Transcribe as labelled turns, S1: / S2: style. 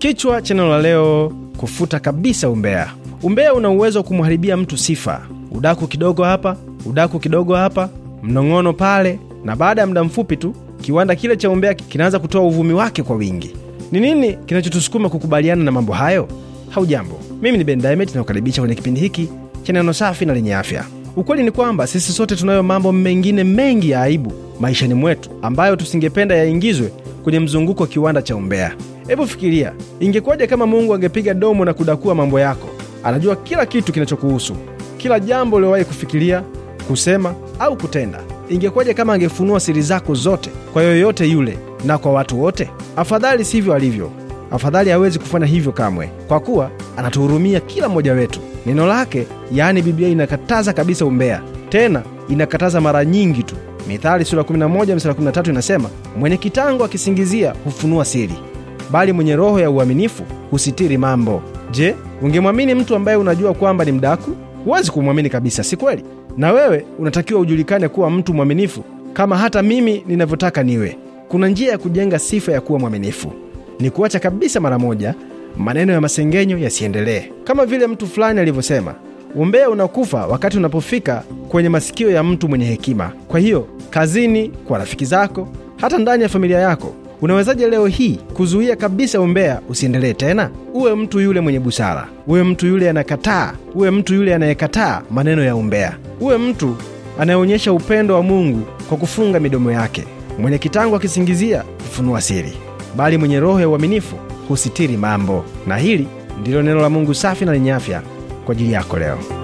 S1: Kichwa cha neno la leo: kufuta kabisa umbea. Umbea una uwezo wa kumharibia mtu sifa. Udaku kidogo hapa, udaku kidogo hapa, mnong'ono pale, na baada ya muda mfupi tu kiwanda kile cha umbea kinaanza kutoa uvumi wake kwa wingi. Ni nini kinachotusukuma kukubaliana na mambo hayo? Haujambo, mimi ni Ben Diamond na kukaribisha kwenye kipindi hiki cha neno safi na lenye afya. Ukweli ni kwamba sisi sote tunayo mambo mengine mengi ya aibu maishani mwetu ambayo tusingependa yaingizwe kwenye mzunguko wa kiwanda cha umbea. Hebu fikiria, ingekuwaje kama Mungu angepiga domo na kudakua mambo yako? Anajua kila kitu kinachokuhusu, kila jambo uliowahi kufikiria, kusema au kutenda. Ingekuwaje kama angefunua siri zako zote kwa yoyote yule na kwa watu wote? Afadhali sivyo alivyo. Afadhali hawezi kufanya hivyo kamwe, kwa kuwa anatuhurumia kila mmoja wetu. Neno lake, yaani Biblia, inakataza kabisa umbea, tena inakataza mara nyingi tu. Mithali sura 11 mstari 13 inasema, mwenye kitango akisingizia hufunua siri bali mwenye roho ya uaminifu husitiri mambo. Je, ungemwamini mtu ambaye unajua kwamba ni mdaku? Huwezi kumwamini kabisa, si kweli? Na wewe unatakiwa ujulikane kuwa mtu mwaminifu kama hata mimi ninavyotaka niwe. Kuna njia ya kujenga sifa ya kuwa mwaminifu, ni kuacha kabisa mara moja maneno ya masengenyo yasiendelee. Kama vile mtu fulani alivyosema, umbea unakufa wakati unapofika kwenye masikio ya mtu mwenye hekima. Kwa hiyo, kazini, kwa rafiki zako, hata ndani ya familia yako, Unawezaje leo hii kuzuia kabisa umbea usiendelee tena? Uwe mtu yule mwenye busara, uwe mtu yule anakataa, uwe mtu yule anayekataa maneno ya umbea, uwe mtu anayeonyesha upendo wa Mungu kwa kufunga midomo yake, mwenye kitango akisingizia kufunua siri, bali mwenye roho ya uaminifu husitiri mambo. Na hili ndilo neno la Mungu safi na lenye afya kwa ajili yako leo.